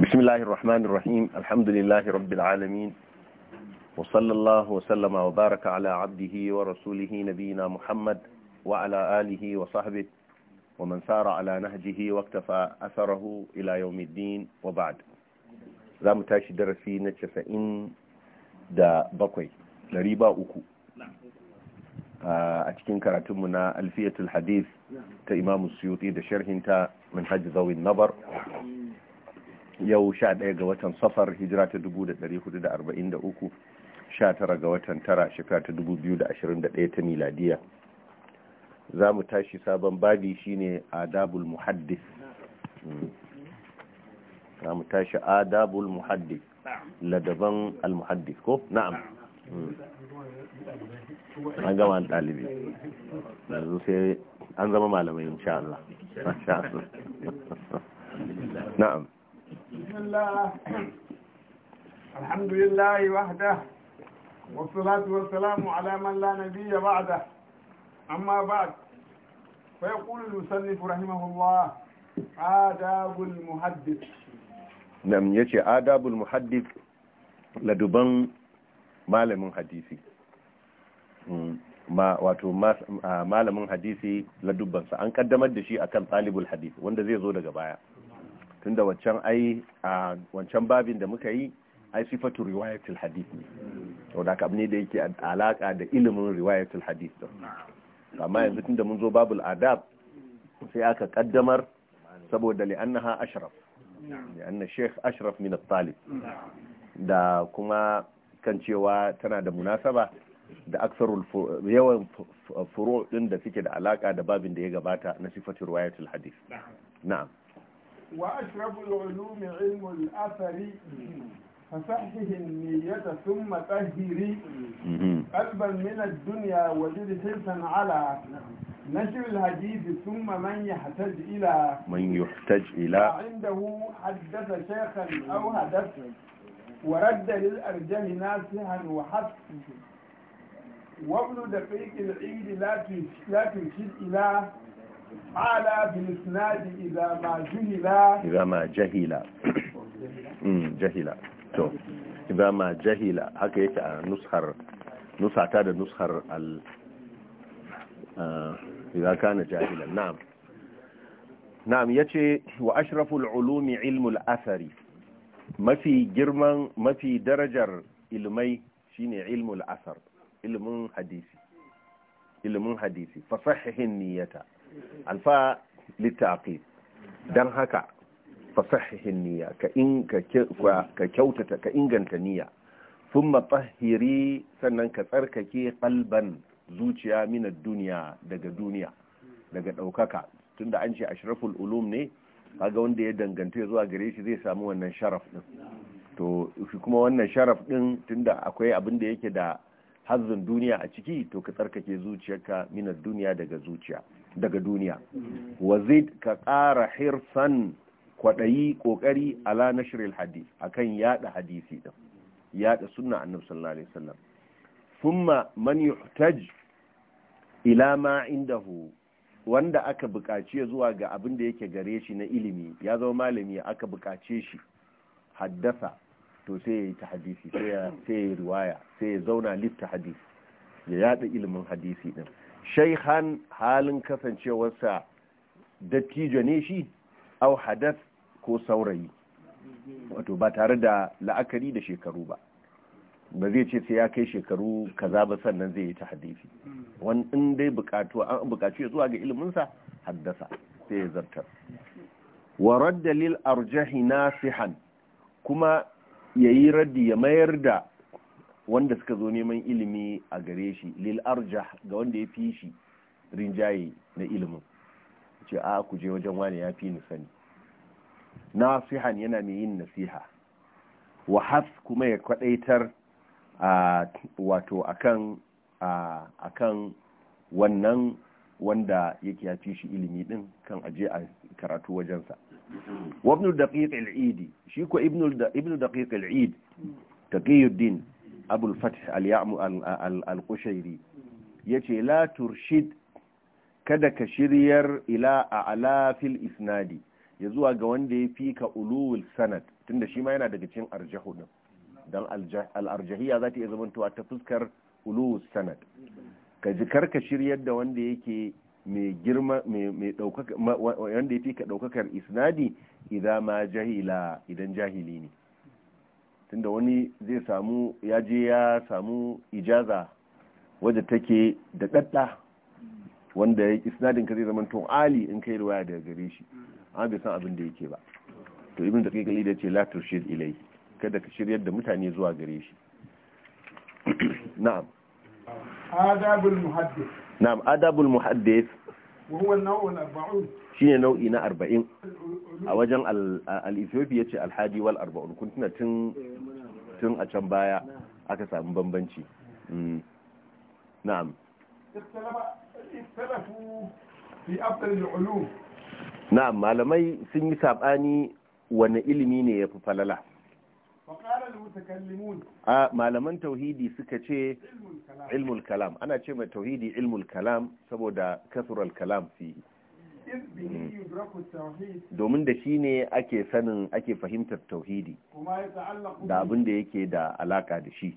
بسم الله الرحمن الرحيم الحمد لله رب العالمين وصلى الله وسلم وبارك على عبده ورسوله نبينا محمد وعلى آله وصحبه ومن سار على نهجه واكتفى أثره إلى يوم الدين وبعد za mu tashi darasi na casa'in da bakwai da riba uku a cikin karatunmu na alfiyatul hadith ta imamu suyuti da sharhinta min hajji zawin nabar yau 11 ga watan safar hijira ta 1443 19 ga watan tara shekara ta 2021 ta miladiya za mu tashi sabon babi shine adabul muhaddis hmm. za mu tashi adabul muhaddis ladaban al-muhaddis ko na'am hmm. an gama ɗalibi yanzu sai an zama malamai insha Allah na'am بسم الله الحمد لله وحده والصلاة والسلام على من لا نبي بعده أما بعد فيقول المصنف رحمه الله آداب المحدث نعم يجي آداب المحدث لدبن malamin hadisi ma wato malamin hadisi ladubbansa an kaddamar da shi akan talibul hadisi wanda zai zo daga baya tunda waccan ai a wancan babin da muka yi ai sifatu riwayatul hadith ne to da ka ne da yake alaka da ilimin riwayatul hadith to amma yanzu tunda mun zo babul adab sai aka kaddamar saboda li'annaha ashraf anna sheikh ashraf min at-talib da kuma kan cewa tana da munasaba da aksarul yawan furu din da suke da alaka da babin da ya gabata na sifatu riwayatul hadith na'am وأشرف العلوم علم الأثر فصحه النية ثم طهري قلبا من الدنيا وجد حرصا على نشر الحديث ثم من يحتج إلى من يحتج إلى عنده حدث شيخا أو هدف ورد للأرجل ناسها وحث وابن دقيق العيد لا تشد إلى قال بالإسناد إذا ما جهل إذا ما جهل جهل تو إذا ما جهل هكا يك نسخر نسخة تاد نسخر ال إذا كان جاهلا نعم نعم يتي وأشرف العلوم علم الأثر ما في جرمان ما في درجة علمي شيني علم الأثر علم حديثي علم حديثي فصحح النية alfa littafi don haka fasahihin niyya ka kyautata ka inganta niyya sun matsahiri sannan ka tsarkake kalban zuciya min duniya daga duniya daga daukaka da an ce ashraful ulum ne kaga wanda ya danganta zuwa gare shi zai sami wannan sharaf ɗin. to shi kuma wannan sharaf din tunda akwai abin da yake da hazzin duniya a ciki to ka tsarkake zuciyarka minar duniya daga zuciya daga duniya wazid ka ƙara hirsan kwaɗayi ƙoƙari ala nashril hadis akan yada hadisi ɗin. yada sunna annabi sallallahu alaihi wasallam thumma man yuhtaj ila ma indahu wanda aka buƙaci zuwa ga abin da yake gare shi na ilimi ya zama malami aka buƙace shi haddasa to sai ya yi ta hadisi sai ya riwaya sai ya zauna lifta hadisi ya yada ilimin hadisi ɗin. shaihan halin kasancewarsa dattijo ne shi au hadas ko saurayi wato ba tare da la'akari da shekaru ba ba zai ce sai ya kai shekaru kaza ba sannan zai yi ta hadisi wani in dai bukatu an zuwa ga iliminsa haddasa sai ya zartar wa dalil lil arjahi nasihan kuma yayi raddi ya mayar da wanda suka zo neman ilimi a gare shi lil arjah ga wanda ya fi shi rinjaye na ilimin ce a ku je wajen wani ya fi ni sani nasihan yana mai yin nasiha wa has kuma ya kwadaitar wato a akan wannan wanda yake ya fi shi ilimi din kan aje a karatu wajensa wa ibnul daqiq al shi ko Ibnul daƙiƙa daqiq al-eid taqiyuddin abul Fatih al-ya'mu al-qushairi yace la turshid kada ka shiryar ila a'la fil isnadi ya zuwa ga wanda ya fi ka ulul sanad tunda shi ma yana daga cikin arjahudin don dan al-arjahiyya zata iya zamantowa ta fuskar ulul sanad ka ji karka shiryar da wanda yake mai girma mai daukaka wanda ya fi ka daukakar isnadi idan ma jahila idan jahili ne tunda wani zai samu ya je ya samu ijaza wadda take da ɗaɗɗa wanda ya isnadin ka zai zama tun ali in kai ruwaya daga gare shi an bai san abin da yake ba to ibn daqiq ali da ce latar turshid ilai kada ka shiryar da mutane zuwa gare shi na'am adabul muhaddis na'am adabul muhaddis shi ne nau'i na arba'in a wajen al-ethiopia ce alhaji wal arba'un kun tuna tun a can baya aka samu bambanci mm. na'am na'am malamai sun yi saɓani wani ilimi ne ya fi falala a malaman tauhidi suka ce ilmul kalam ana ce mai tauhidi ilmul kalam saboda kasural kalam fi domin da shi ne ake sanin ake fahimtar tauhidi da abin da yake da alaka da shi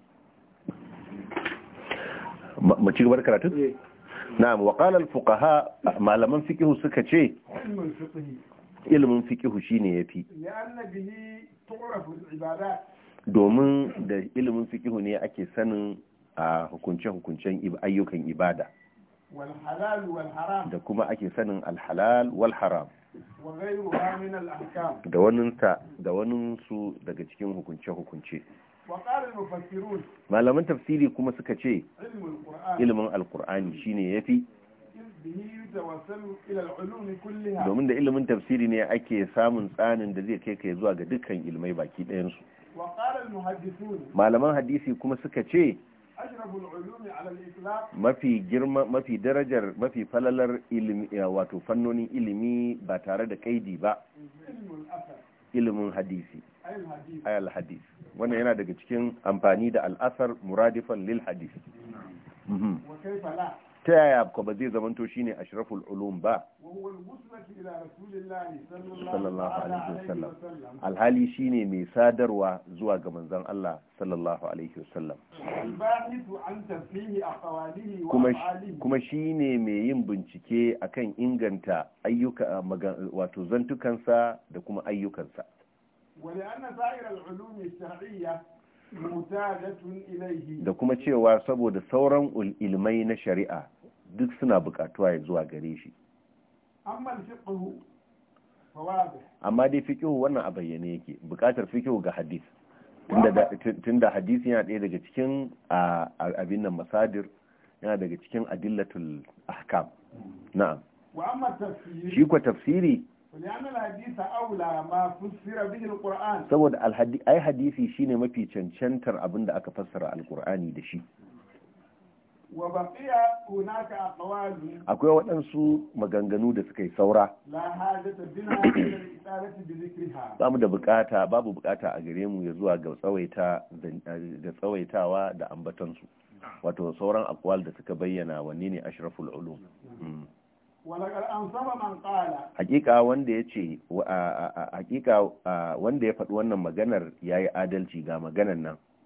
mace gabar karatu? Eh. na'am wa qala malaman fiqh suka ce ilmin fikihu shi ne ya fi. domin da ilimin fikihu ne ake sanin a hukunce-hukuncen ayyukan ibada da kuma ake sanin alhalal wal haram da waninsa da waninsu daga cikin hukunce-hukunce malaman tafsiri kuma suka ce ilimin alkur'ani shine ya fi domin da ilimin tafsiri ne ake samun tsanin da zai kai kai zuwa ga dukkan ilmai baki ɗayansu malaman hadisi kuma suka ce mafi girma mafi darajar mafi falalar ilimi eh, wato fannonin ilimi ba tare da kaidi ba ilimin hadisi ayal hadis wannan yana daga cikin amfani da al'asar muradifan lil hadis ta yaya ko ba zai zamanto shine ashraful ulum ba sallallahu alaihi wasallam alhali shine mai sadarwa zuwa ga manzon Allah sallallahu alaihi wasallam kuma kuma shine mai yin bincike akan inganta ayyuka wato zantukansa da kuma ayyukansa da kuma cewa saboda sauran ilmai na shari'a duk suna bukatuwa ya zuwa gare shi amma dai fikihu wannan a bayyane yake bukatar fikihu ga hadis tun da hadisi yana ɗaya daga cikin abin nan masadir yana daga cikin adillatul ahkam hmm. na'am shi kwa tafsiri saboda ai hadisi shine mafi cancantar abin da aka fassara alkur'ani da shi akwai waɗansu maganganu da suka yi saura ba da bukata babu bukata a gare mu ya zuwa ga tsawaitawa da ambatansu wato sauran akwal da suka bayyana wanne ne ashraful ulum hmm. hakika wanda ya ce hakika wanda ya faɗi wannan maganar ya yi adalci ga maganar nan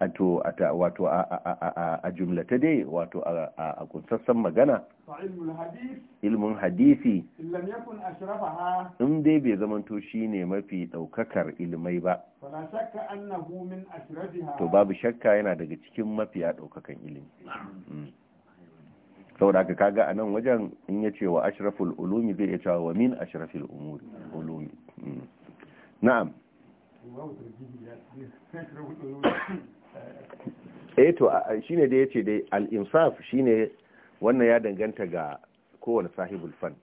wato wato a jumlata dai wato a kunsassan magana ilmin hadisi in dai bai zamanto shi ne mafi daukakar ilmai ba to babu shakka yana daga cikin mafiya daukakan ilimi mm. saboda haka kaga a nan wajen in ya ce wa ashraful ulumi zai iya cewa wa min ashrafil ulumi mm. na'am eh to shine da yace dai al shi ne wannan ya danganta ga kowane sahibul fan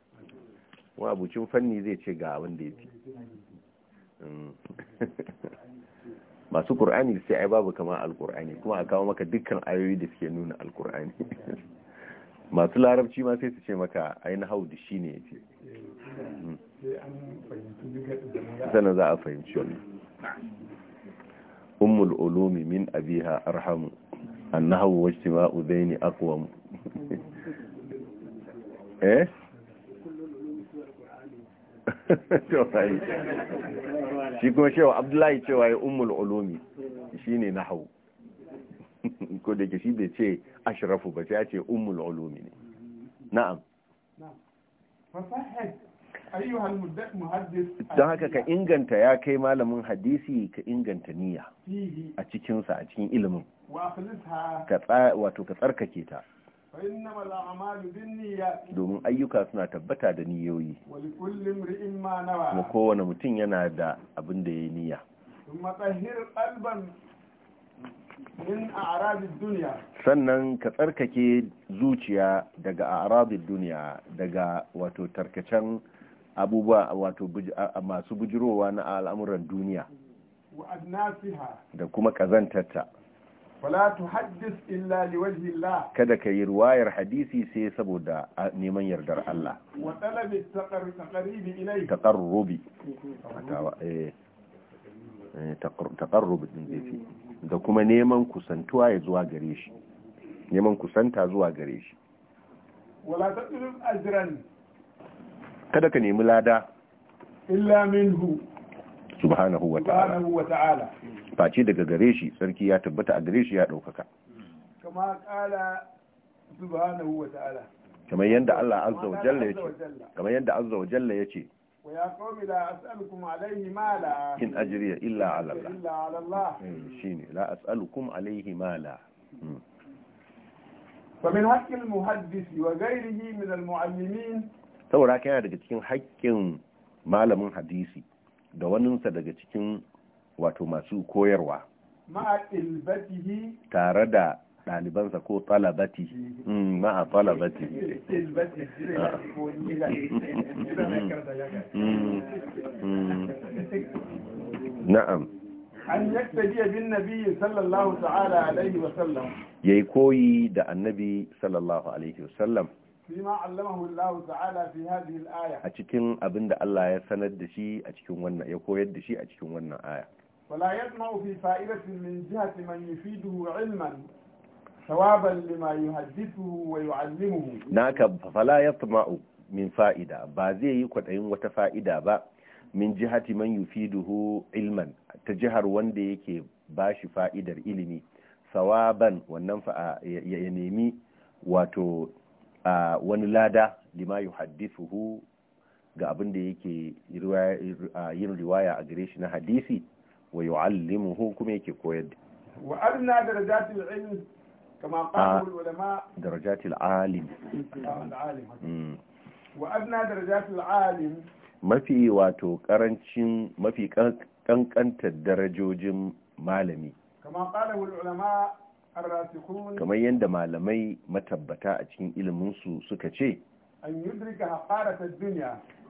wa abucin fanni zai ce ga wanda ya yafi mm. masu ƙur'ani sai ai babu kama al kuma a kawo maka dukkan ayoyi da suke nuna al masu larabci ma sai su ce maka ainihin haudu ya ce sannan za a fahimci wannan ummul ulumi min abiha arhamu annahu wajtima'u daini aqwam eh shi kuma cewa abdullahi cewa ya shi ne na hau ko da ke shi bai ce ashrafu ba sai ya ce ummul ulumi ne na'am fasahhat don haka ka inganta ya kai malamin hadisi ka inganta niyya a cikinsa a cikin ilimin wato ka tsarkake ta domin ayyuka suna tabbata da niyoyi kuma kowane mutum yana da abin da ya yi niyya sannan ka tsarkake zuciya daga a arabin duniya daga wato tarkacen abubuwa wato masu bujirowa na al'amuran duniya da kuma kazantarta fala tuhaddis illa liwajhi Allah kada ka yi ruwayar hadisi sai saboda neman yardar Allah wa talabi taqarrubi ilayhi taqarrubi eh, eh taqarrub din zai da kuma neman kusantuwa ya zuwa gare shi neman kusanta zuwa gare shi wala tajlub ajran kada ka nemi lada illa minhu subhanahu wa ta'ala face daga gare shi sarki ya tabbata a gare shi ya ɗaukaka kama kala subhanahu wa ta'ala kamar yadda Allah azza wa jalla yace, kamar azza wa jalla ya ce ويا قوم لا أسألكم عليه مالا إن illa إلا على الله إلا على الله شيني لا أسألكم عليه مالا فمن حق المحدث min من saboda haka yana daga cikin haƙƙin malamin hadisi da waninsa daga cikin wato masu koyarwa tare da ɗalibansa ko talabati mm, ma'a talabati mm, mm. na'am an yaktajiya bin nabi sallallahu ta'ala alaihi wasallam yayi koyi da annabi sallallahu alaihi wasallam a cikin abin da Allah ya sanar da shi a cikin wannan ya koyar da shi a cikin wannan aya wala yasma'u fi fa'idatin min fa'ida ba zai yi kwaɗayin wata fa'ida ba min jihati man yufiduhu ilman ta jihar wanda yake bashi fa'idar ilimi sawaban wannan ya nemi wato wani lada lima yuhaddithuhu ga abin da yake yin riwaya a gare shi na hadisi wa yu'allimuhu kuma yake koyar da wa adna darajatil ilm kama qalu ulama darajatil alim mm. wa adna darajatil alim mafi wato karancin mafi kankantar darajojin malami kama qalu ulama kamar yadda malamai matabbata a cikin iliminsu suka ce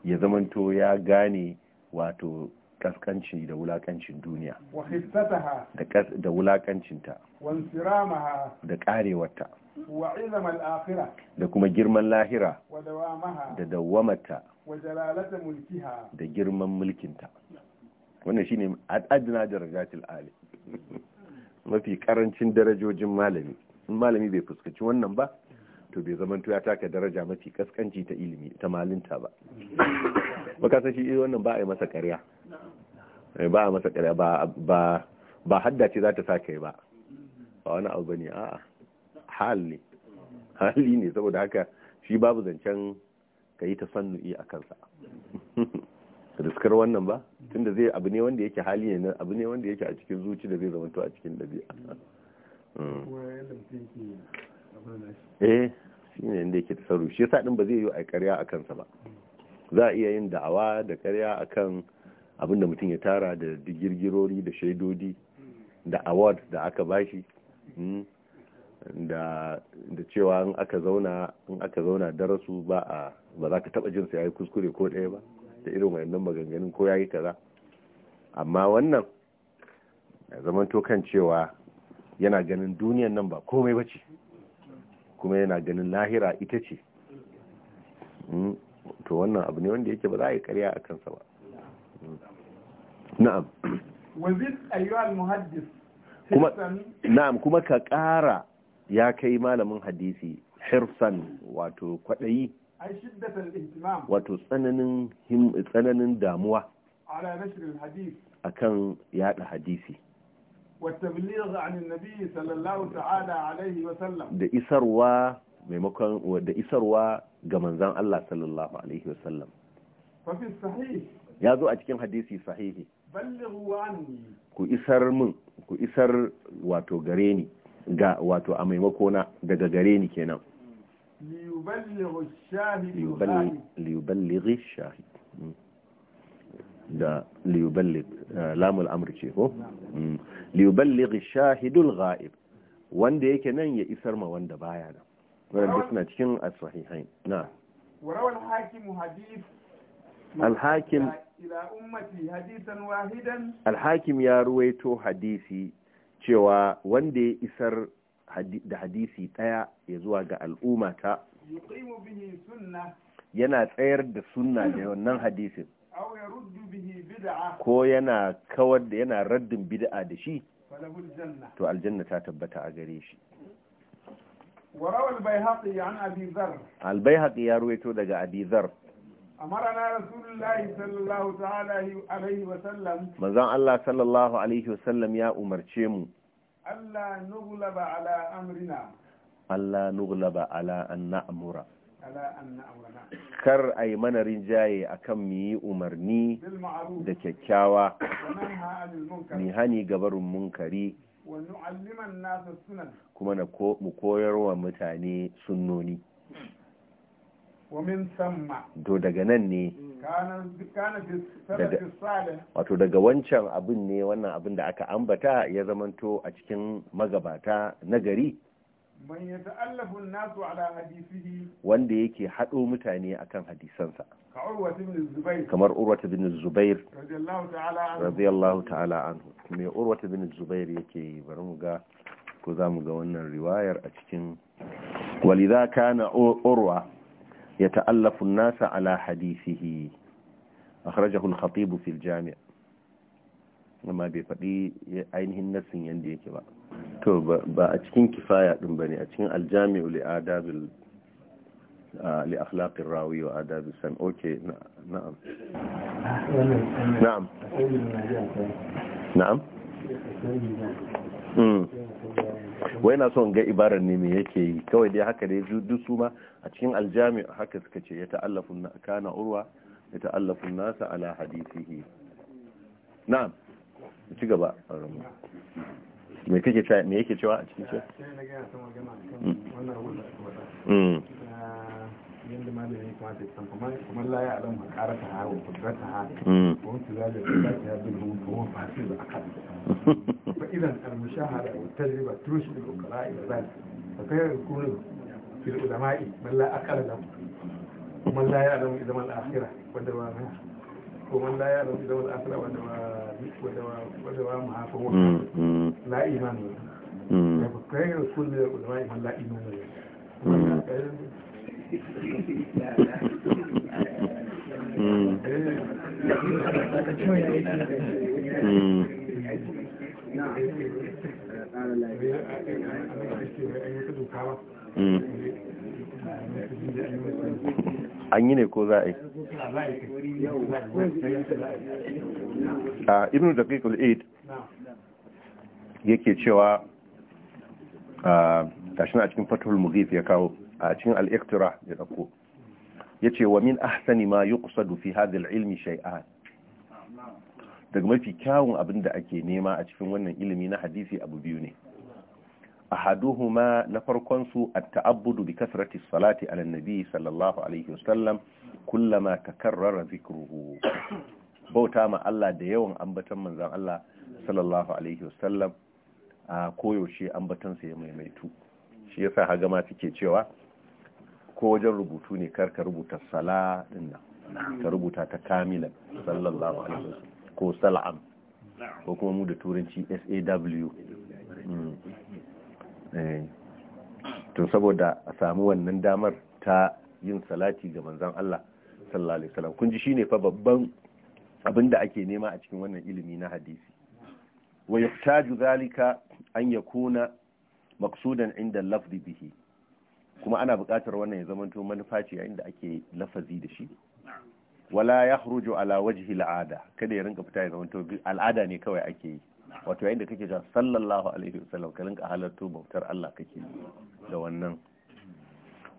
ya zamanto ya gane wato kaskanci da wulakancin duniya da wulakancinta da karewarta da kuma girman lahira da dawamata da girman mulkinta wannan shine da darajatul ali mafi karancin darajojin malami in malami bai fuskaci wannan ba to bai zama ya taka daraja mafi kaskanci ta ilimi ta malinta ba baka san shi eh, wannan ba a yi masa ƙarya eh, ba a masa ƙarya ba ba hadda ce za ta sa kai ba ba wani abu bane a'a hali ne hali ne saboda haka shi babu zancen ka yi ta tasannu'i a kansa riskar wannan ba tunda zai abu ne wanda yake hali ne abu ne wanda yake a cikin zuci da zai zamanto a cikin mm. ya eh shi ne inda yake tasaru shi yasa din ba zai yi a karya a kansa ba za a iya yin da'awa da ƙarya akan abinda mutum ya tara da girgirori da shaidodi da award da aka bashi mm. da da cewa in aka zauna darasu ba za ka taba jin sai yi kuskure ko ɗaya ba da irin wayannan maganganun ko yayi kaza amma wannan ya zaman to kan cewa yana ganin duniyan nan ba komai bace kuma yana ganin lahira ita ce hmm, to wannan abu ne wanda yake ba za a yi karya a kansa ba hmm. na'am muhaddis kuma na'am kuma ka ƙara ya kai malamin hadisi hirsan wato kwaɗayi wato tsananin damuwa a kan yada hadisi da isarwa maimakon da isarwa ga manzan Allah sallallahu alaihi wasallam ya zo a cikin hadisi sahihi ku isar min ku isar wato gare ni ga wato a maimakona daga gare ni kenan liyuballighi shahid da liyuballighi lamul amr ce ko liyuballighi shahidul ghaib wanda yake nan ya isar ma wanda baya nan wanda suna cikin as-sahihain na warawal hakim hadith al-hakim ila ummati hadithan wahidan al-hakim ya ruwaito hadisi cewa wanda ya isar da hadisi ɗaya ya zuwa ga al'umma ta. yana tsayar da sunna da wannan hadisin ko yana kawar da yana raddin bid'a da shi to aljanna ta tabbata a gare shi albayhaqi ya ruwaito daga abizar amarana rasulullahi sallallahu ta'ala alaihi wasallam manzon Allah sallallahu alaihi wasallam ya umarce mu Allah nughlaba ala amrina Allah nughlaba ala an na'mura kar a yi mana rinjaye a kan mu yi umarni da kyakkyawa mi hani gabarin munkari kuma na mu koyarwa mutane sunnoni to daga nan ne wato daga wancan abin ne wannan abin da aka ambata ya zamanto a cikin magabata na gari wanda yake haɗo mutane akan hadisansa kamar urwata bin zubair radiyallahu ta'ala anhu mai urwata bin zubair yake bari mu ga ko za ga wannan riwayar a cikin walidha kana urwa Ya ta'allafun nasa ala hadisihi. Akraja hulkaɗi bufi Amma bai faɗi ainihin nasin yanda yake ke ba. To ba a cikin kifaya dum ba ne a cikin Al-jami'u li'adabin, li'akhlaqin rawiyo adabinsa. Na'am. Na'am. Na'am. wai na son ga ibarar ne me yake yi kawai dai haka dai duk su ma a cikin aljami haka suka ce ya ta'allafu kana urwa ya ta'allafu nasa ala hadisihi na'am ci gaba me kake cewa me yake cewa a cikin cewa yadda malamin ya kamata ya kamar kamar la ya alamu ƙara ta hawa kudura ta hawa mm. ko su za da kudura ta yabin hu kuma fasir da aka bi fa idan al-mushahara wa tajriba turushi da ukara ila zalik fa kai kullu fil ulama'i man la aqala lahu man la ya alamu idan al wanda ba ma ko man la ya alamu idan al wanda ba wanda ba wanda ba muhafin wa mm, mm. la imanu ya fa kai kullu ulama'i man la imanu ya an yi ne ko za a yi a da kai aid yake cewa a tashi na cikin fatul mugif ya kawo a cikin al-iqtira ya ce yace wa min ahsani ma yuqsadu fi hadha al-ilmi shay'an daga mafi kyawun abin da ake nema a cikin wannan ilimi na hadisi abu biyu ne ahaduhuma na farkon su at-ta'abbudu bi kasrati salati ala nabi sallallahu alaihi wasallam kullama takarrara zikruhu bauta ma Allah da yawan ambaton manzon Allah sallallahu alaihi wasallam a koyaushe ambaton ya maimaitu shi yasa hagama ma take cewa ko wajen rubutu ne kar ka rubuta sala din nan ka rubuta ta kamilan sallallahu alaihi wasallam ko sal'am ko kuma mu da turanci SAW mm. eh. to saboda a samu wannan damar ta yin salati ga manzon Allah sallallahu alaihi wasallam kun ji shine fa babban abin da ake nema a cikin wannan ilimi na hadisi wa yaktaju zalika an yakuna maqsudan inda lafzi bihi kuma ana buƙatar wannan ya zamanto manufa ce yayin da ake lafazi da shi wala ya ala wajhi al'ada kada ya rinka fita ya zamanto al'ada ne kawai ake yi wato yayin da kake ja sallallahu alaihi wasallam ka rinka halarto bautar Allah kake da wannan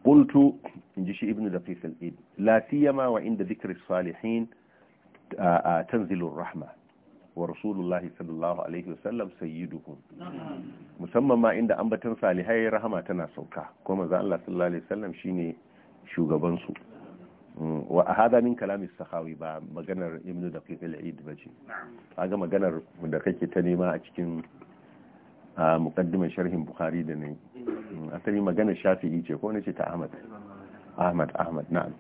qultu inji shi ibnu da al-id la siyama wa inda dhikri salihin tanzilu rahma wa rasulullahi sallallahu alaihi wasallam sayyiduhum musamman ma inda ambatan salihai rahama tana sauka ko manzo Allah sallallahu alaihi wasallam shine shugaban su mm, wa hada min kalami sahawi ba maganar ibnu daqiq al-eid bace kaga maganar da kake ta nema a cikin a muqaddimar sharhin bukhari da ne mm. mm, asali maganar shafi'i ce ko ne ce ta ahmad ahmad ahmad na'am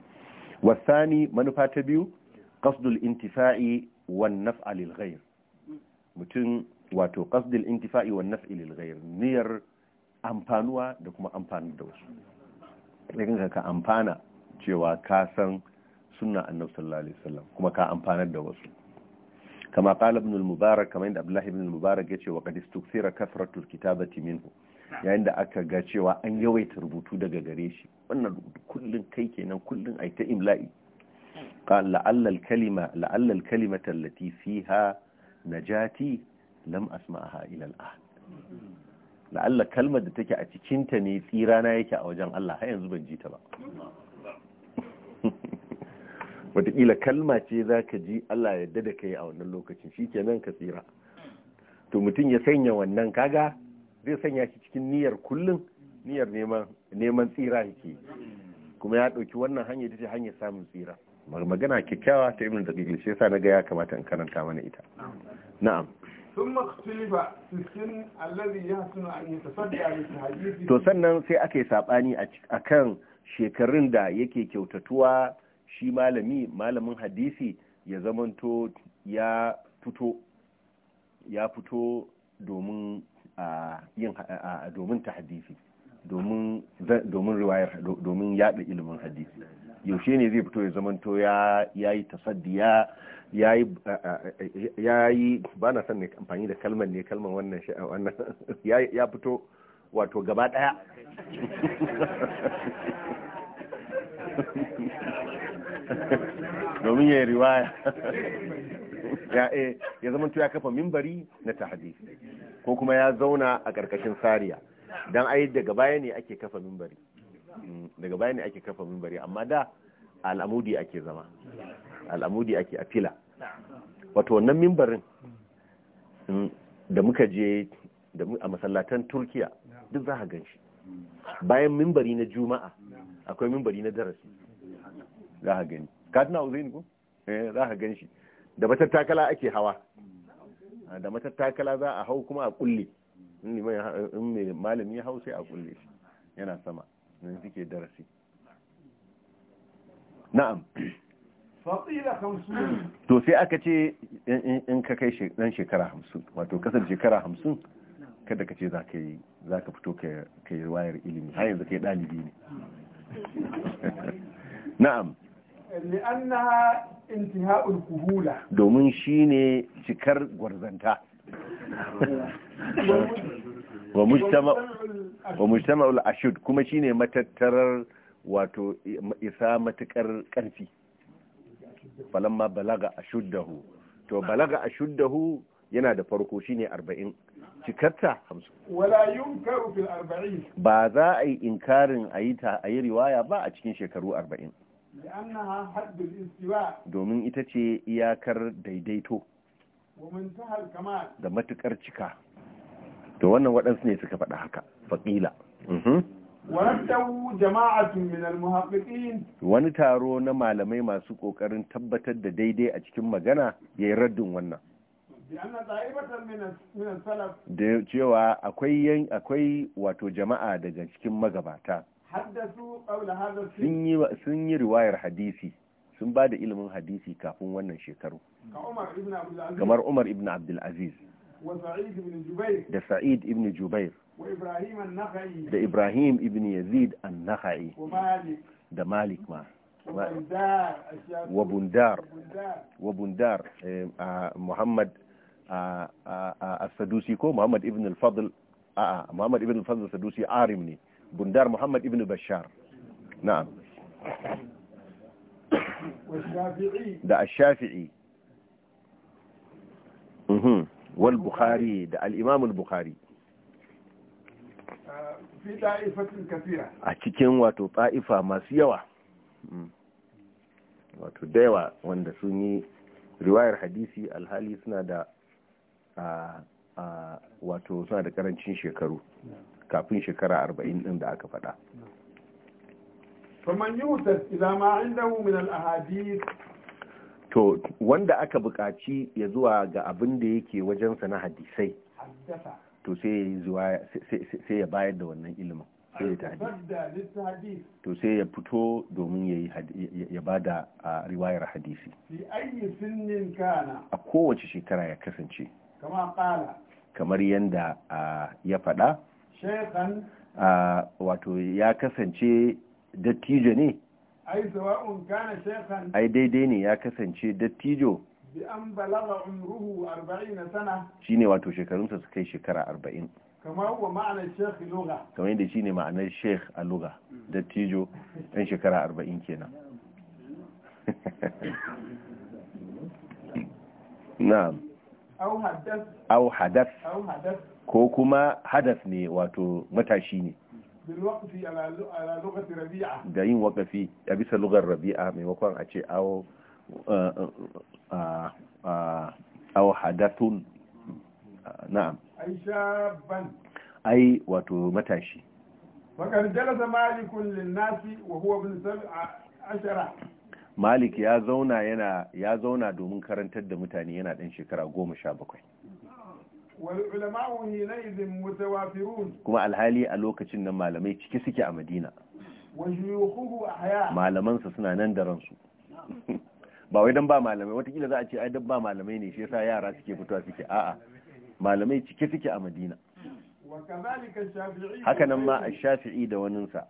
wasani manufa ta biyu qasdul intifa'i wan naf'a lil mutum wato qasdil intifa'i wan naf'i lil ghair niyyar amfanuwa da kuma amfanar da wasu idan ka amfana cewa ka san sunna annabi sallallahu alaihi wasallam kuma ka amfanar da wasu kama qala ibn al-mubarak kama inda abdullah ibn al-mubarak ce wa qad istuksira kathratul kitabati minhu yayin da aka ga cewa an yawaita rubutu daga gare shi wannan kullun kai kenan kullun ai ta imla'i قال لعل الكلمة لعل الكلمة التي فيها نجاتي لم أسمعها إلى الآن لعل كلمة تك أتكنتني ثيرانا يك أوجان الله هاي زبن جيت با wataƙila kalma ce za ka ji Allah yadda da kai a wannan lokacin shi kenan ka tsira to mutum ya sanya wannan kaga zai sanya shi cikin niyyar kullum niyyar neman tsira yake kuma ya ɗauki wannan hanyar ta ce hanyar samun tsira magana kyakkyawa ta ibn daqiq shi yasa na ya kamata in karanta mana ita na'am thumma ikhtilifa fi sin alladhi yahsunu an yi ta tahdidi to sannan sai aka yi sabani kan shekarun da yake kyautatuwa shi malami malamin hadisi ya zamanto ya fito ya fito domin yin domin domin domin riwayar domin yada ilimin hadisi yaushe ne zai fito ya zamanto ya yi tasaddi ya yi ba na son amfani da kalmar ne kalmar wannan ya fito wato gaba daya domin ya yi riwaya eh, ya zamanto ya kafa mimbari na tahadi ko kuma ya zauna a ƙarƙashin sariya don ai daga baya ne ake kafa mimbari daga baya ne ake kafa mimbari amma da al'amudi ake zama al'amudi ake a fila wato wannan mimbarin da muka je a masallatan turkiya duk za a gan shi bayan mimbari na juma'a akwai mimbari na darasi za a gani katina uzain ku eh, za a gan shi da matattakala ake hawa da matattakala za a hau kuma a kulle in mai malami ya hau sai a kulle shi yana sama nan suke darasi na'am to sai aka ce in ka kai dan shekara hamsin wato kasar shekara hamsin kada ka ce za ka fito ka yi wayar ilimi har yanzu ka yi ɗalibi ne na'am li'annaha intiha'ul kuhula domin shine cikar gwarzanta wa mujtama wa al ashud kuma shine matattarar wato isa matukar karfi falamma balaga ashuddahu to balaga ashuddahu yana da farko shine 40 cikarta 50 wala yunkaru fil 40 ba za a yi inkarin ayi ta ayi riwaya ba a cikin shekaru 40 domin ita ce iyakar daidaito da matukar cika to wannan waɗansu ne suka faɗa haka faƙila mhm. wani taro na malamai masu ƙoƙarin tabbatar da daidai a cikin magana ya yi raddin wannan da cewa akwai akwai wato jama'a daga cikin magabata sun yi riwayar hadisi sun ba da ilimin hadisi kafin wannan shekaru kamar umar ibn abdulaziz وسعيد بن جبير ده سعيد بن جبير وإبراهيم النخعي ده إبراهيم بن يزيد النخعي ومالك ده مالك ما وبندار وبندار وبندار آه، آه، محمد آه، السدوسي كو محمد ابن الفضل آه محمد ابن الفضل السدوسي عارمني بندار محمد ابن بشار نعم والشافعي ده الشافعي اها wal bukhari da البخاري في طائفه bukhari a cikin wato ta'ifa masu yawa hmm. wato da wanda sun yi riwayar hadisi alhali suna da wato suna da karancin shekaru kafin shekara arba'in din da aka faɗa. faman yi wutar ilama indahu minal al to wanda aka buƙaci ya zuwa ga abin da yake wajensa na hadisai to sai ya bayar da wannan ilimin sai ya to sai ya fito domin ya ba da riwayar hadisi a kowace shekara ya kasance kamar yadda ya faɗa wato ya kasance dattijo ne ai daidai ne ya kasance dattijo bi'an balagha umruhu 40 sana shine wato shekarunsa su kai shekara 40 kama huwa ma'ana sheikh lugha kamar yadda shine ma'anar sheikh a lugha dattijo dan shekara 40 kenan na'am au hadath au hadath ko kuma hadath ne wato matashi ne da yin wakafi a bisa lugar rabi'a maimakon a ce awo hadatun na'am ai wato matashi fakar jalasa malikun linnasi wa huwa bin ashara malik ya zauna ya zauna domin karantar da mutane yana dan shekara goma sha bakwai kuma alhali a lokacin nan malamai ciki suke a madina malamansa suna nan da ransu ba wai don ba malamai watakila za a ce ai don ba malamai ne shi yasa yara suke fitowa suke a'a malamai cike suke a madina haka nan ma a shafi'i da waninsa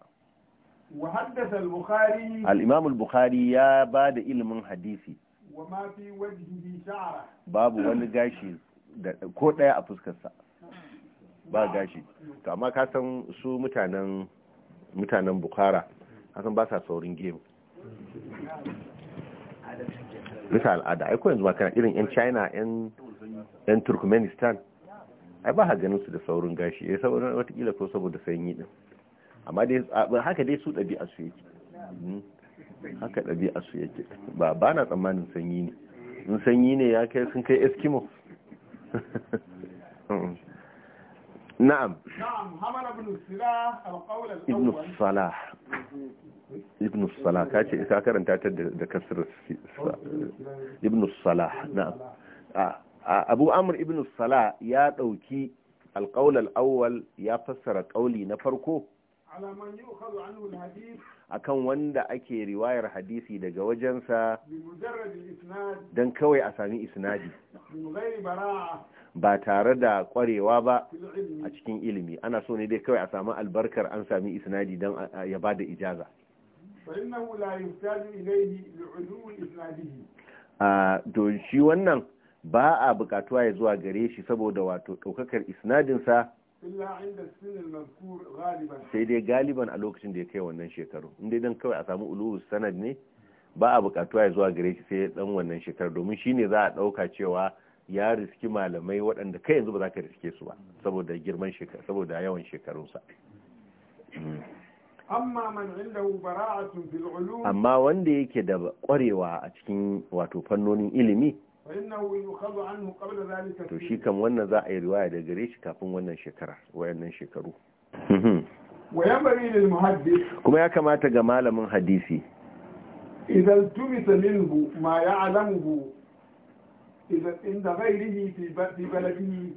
al al-bukhari ya ba da ilimin hadisi babu wani gashi ko ɗaya a fuskarsa ba gashi to amma ka san su mutanen mutanen bukhara kasan ba sa saurin gemu bisa al'ada aiko yanzu ma kana irin 'yan china 'yan turkmenistan ai ba ha ganin su da saurin gashi ya eh, saurin watakila ko saboda sanyi din amma dai haka dai su ɗabi'a su yake hmm? haka ɗabi'a su yake ba ba na tsammanin sanyi ne in sanyi ne ya kai sun kai eskimo na'am salah ka ce ka karanta ta da kasar ibn salah na'am abu amur ibn salah ya ɗauki alƙaular awwal ya fassara ƙauli na farko akan wanda ake riwayar hadisi daga wajensa don kawai a sami isnadi ba tare da kwarewa ba a cikin ilimi ana so ne dai kawai a sami albarkar an sami isnadi don ya ba da ijaza don shi wannan ba a bukatuwa ya zuwa gare shi saboda wato ɗaukakar isnadinsa sai dai galiban a lokacin da ya kai wannan shekaru inda dan kawai a samu ulu sanad ne ba a bukatuwa ya zuwa gare shi sai dan wannan shekaru domin shine za a dauka cewa ya riski malamai waɗanda kai yanzu ba za ka riske su ba saboda girman shekaru saboda yawan shekarunsa hmm. amma wanda yake da kwarewa a cikin wato fannonin ilimi to shi kam wannan za a yi riwaya da gare shi kafin wannan shekara wayannan shekaru kuma ya kamata ga malamin hadisi idan tumisa minhu ma ya idan inda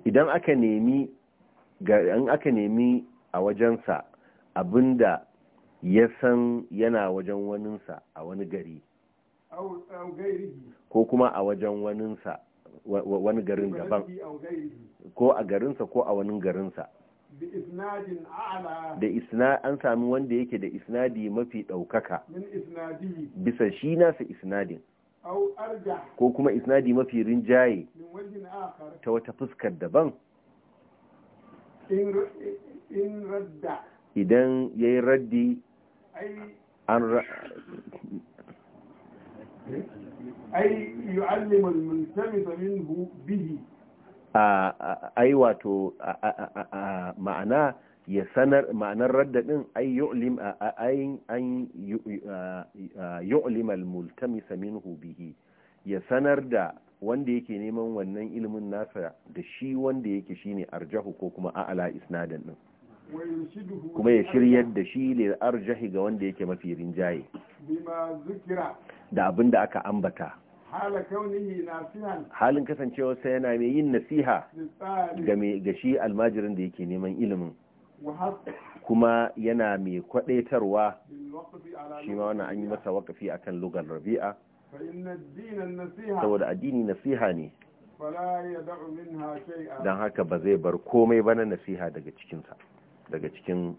idan aka nemi in aka nemi a wajensa abinda ya san yana wajen waninsa a wani gari ko kuma a wajen waninsa wani garin daban ko a garinsa ko a wani garinsa da isna an sami wanda yake da isnadi mafi ɗaukaka bisa shi nasa isnadin ko kuma isnadi mafi rinjaye ta wata fuskar daban idan ya yi raddi an ai yu'allimu al-multamisa minhu bihi ai wato ma'ana ya sanar ma'anar raddadin ai yu'lim ai an yu'lim al-multamisa minhu bihi ya sanar da wanda yake neman wannan ilimin nasa da shi wanda yake shine arjahu ko kuma a'ala isnadan din kuma ya shiryar da shi lil arjahi ga wanda yake mafi rinjaye da abin da aka ambata halin kasancewa sai yana mai yin nasiha ga shi almajirin da yake neman ilimin kuma yana mai kwadaitarwa shi ma wani an yi masa wakafi a kan lugar rabi'a saboda addini nasiha ne don haka ba zai bar komai ba na nasiha daga cikinsa daga cikin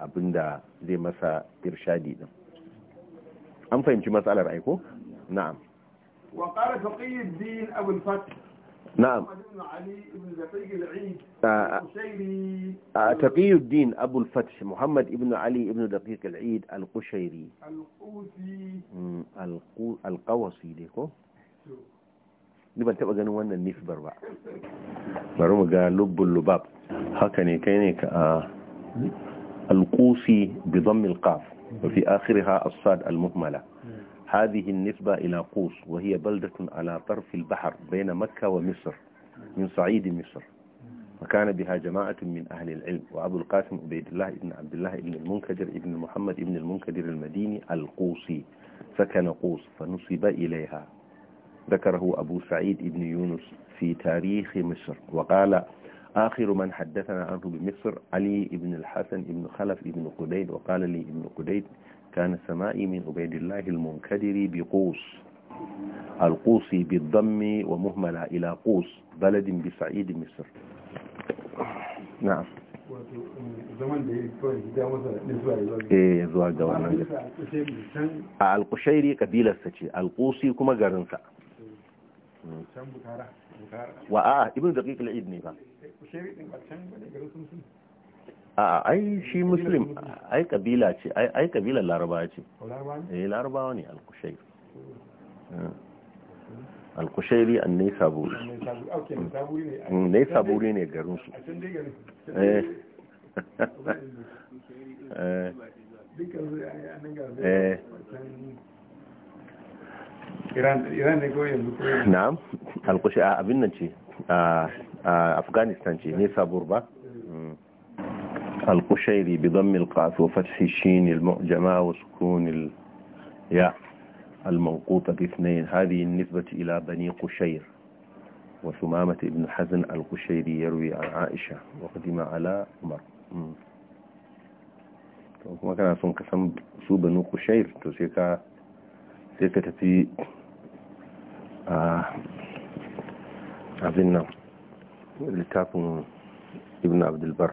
abin da zai masa irshadi din an fahimci matsalar aiko na'am wa qala faqihuddin abul fath na'am taqiyuddin abul fath muhammad ibn ali ibn daqiq al-eid al-qushairi al-qawsi hmm, ko ni ban taba ganin wannan nisbar ba bari mu ga lubbul lubab haka ne kai ne ka القوسي بضم القاف وفي آخرها الصاد المهملة هذه النسبة إلى قوس وهي بلدة على طرف البحر بين مكة ومصر من صعيد مصر وكان بها جماعة من أهل العلم وأبو القاسم عبيد الله بن عبد الله بن المنكدر بن محمد بن المنكدر المديني القوسي سكن قوس فنصب إليها ذكره أبو سعيد بن يونس في تاريخ مصر وقال آخر من حدثنا عنه بمصر علي بن الحسن بن خلف بن قديد وقال لي ابن قديد كان سمائي من عبيد الله المنكدر بقوس القوس بالضم ومهملة إلى قوس بلد بسعيد مصر نعم زمان da ya kawai gida masa da zuwa yi zuwa yi zuwa yi zuwa yi wa a ibn daqiq al-id ne ba. a ai shi muslim ai kabila ce ai kabilar laraba ce eh larabawa ne al-kushair al-kushairi an ne hmm, saburi ne saburi ne garin su eh eh iran da iran yanzu ce a afghanistan ce alkushairi bidon milka kaso fashi shi ne jama'a wasu kronil ya almankuta disney hari nisbati ila bani kushair wasu mamata ibn hazin alkushairi ya a aisha wa kadima ala umar mm. kuma kana son ka san su bani kushair to sai ka سيكتتي عبدنا لتاكم ابن عبد البر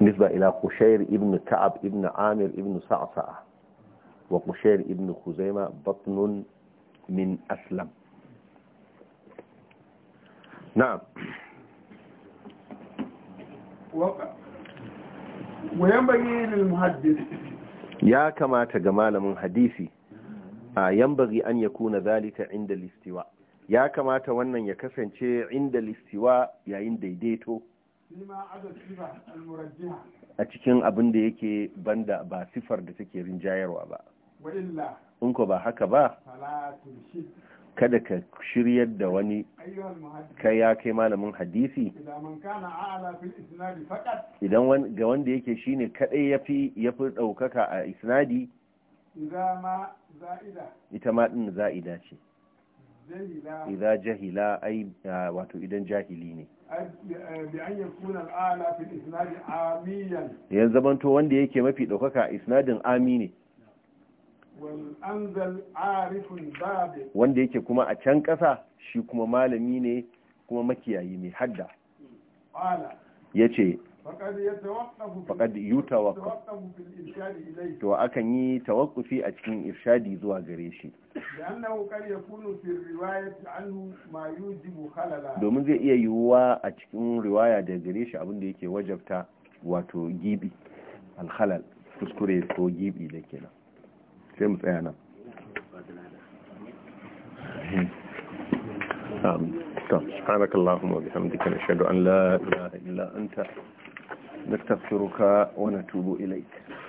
بالنسبة إلى قشير ابن كعب ابن عامر ابن صعصع وقشير ابن خزيمة بطن من أسلم نعم وينبغي للمهدد ya kamata ga malamin hadisi a yambari an ya kuna zalita inda listiwa ya kamata wannan ya kasance inda listiwa yayin daidaito a cikin abin da yake banda ba sifar da take rinjayarwa ba in ko ba haka ba kada ka shiryar da wani kai ya kai malamin hadisi idan ga wanda yake shine kadai yafi yafi daukaka a isnadi ita ma din za'ida ce idan jahila ai wato idan jahili ne eh, ya zamanto wanda yake mafi daukaka a isnadin ami ne wanda yake kuma a can ƙasa shi kuma malami ne kuma makiyayi mai hadda ya ce faƙad yi tawakufi to akan yi tawakkufi a cikin irshadi zuwa gare shi domin zai iya yiwuwa a cikin riwaya da gare shi abinda yake wajabta wato gibi alhalal kuskure ko gibi da kenan sai mu tsaya nan سبحانك اللهم وبحمدك نشهد أن لا إله إلا أنت نستغفرك ونتوب إليك